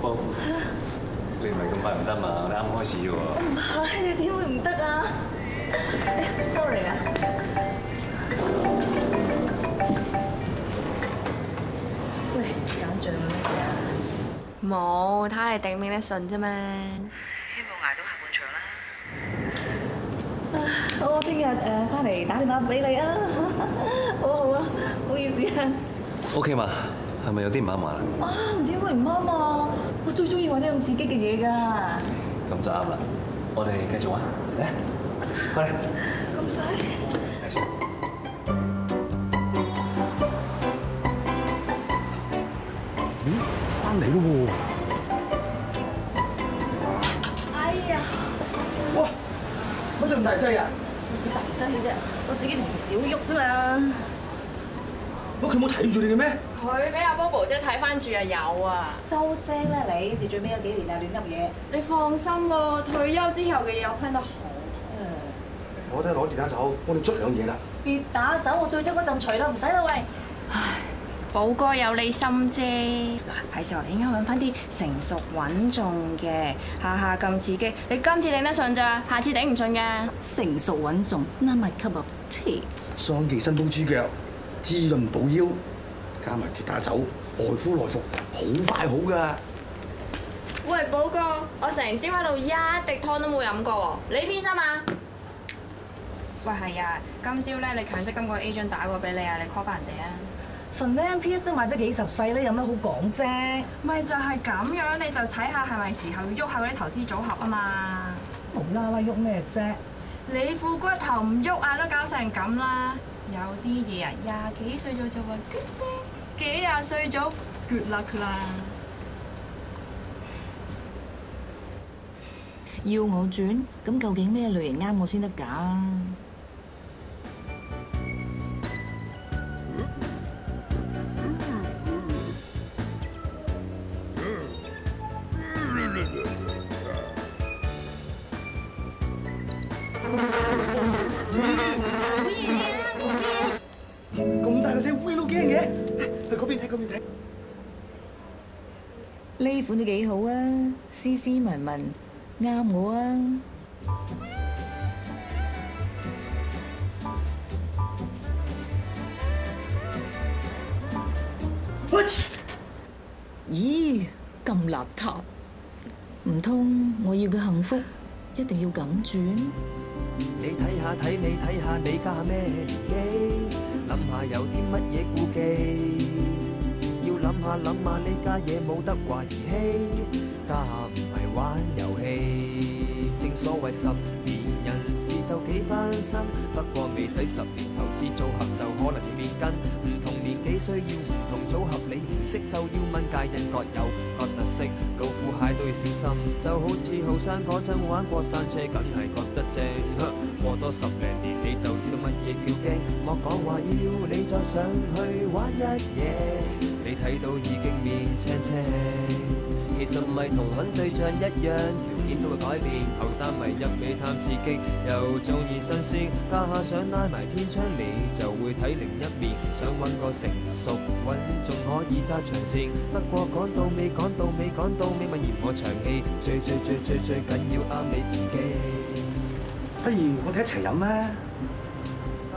不是不麼你唔係咁快唔得嘛！你啱開始喎。我唔怕嘅，點會唔得啊？sorry 啊。喂，揀對咗啊？冇，睇你頂面得順啫嘛。希望捱到下半場啦。我聽日誒翻嚟打電話俾你啊！好好啊，唔好意思啊。OK 嘛，係咪有啲唔啱啊？唔點會唔啱啊？我最中意玩啲咁刺激嘅嘢㗎，咁就啱啦。我哋繼續玩，嚟，快嚟！咁快，咦，翻嚟咯喎，哎呀，哇，乜做咁大劑啊？幾大劑嘅啫，我自己平時少喐啫嘛。唔，佢冇睇住你嘅咩？佢俾阿 Bobo 姐睇翻住啊，有啊，收聲啦你，你最尾嗰幾年啊，亂噏嘢。你放心喎，退休之後嘅嘢我聽得好。我都係攞跌打酒，我哋捉兩嘢啦。跌打酒，我最憎嗰陣除啦，唔使啦喂。唉，寶哥有你心啫。嗱，係時候你應該揾翻啲成熟穩重嘅，下下咁刺激，你今次頂得順咋，下次頂唔順嘅。成熟穩重，熟穩重，not my cup of tea。桑寄生都豬腳。滋潤補腰，加埋其他酒，外敷內服，很快好快好㗎。喂，寶哥，我成朝喺度一滴湯都冇飲過喎，你偏心啊？喂，係啊，今朝咧你強積金嗰個 agent 打過俾你啊，你 call 翻人哋啊。份 MPF 都買咗幾十世咧，有乜好講啫？咪就係咁樣，你就睇下係咪時候要喐下嗰啲投資組合啊嘛無無。無啦啦喐咩啫？你副骨頭唔喐啊，都搞成咁啦。有啲嘢啊，廿幾歲咗就話 good 啫，幾廿歲咗 good luck 啦。要我轉，咁究竟咩類型啱我先得㗎？呢款都幾好啊，斯斯文文，啱我啊！喂，咦，咁邋遢，唔通我要嘅幸福一定要咁轉？諗下，呢家嘢冇得掛兒戲，家下唔係玩遊戲。正所謂十年人事就幾番新。不過未使十年，投資組合就可能變更。唔同年紀需要唔同組合，你唔識就要問界，人各有各特色，老虎蟹都要小心。就好似後生嗰陣玩過山車，梗係覺得正。過多十零年，你就知道乜嘢叫驚。莫講話要你再上去玩一夜。睇到已經面青青，其實唔係同揾對象一樣，條件都會改變。後生咪一味貪刺激，又中意新鮮。家下想拉埋天窗，你就會睇另一面。想揾個成熟穩，仲可以揸長線。不過講到尾，講到尾，講到尾，咪嫌我長氣。最最最最最緊要啱你自己。不如我哋一齊飲啦。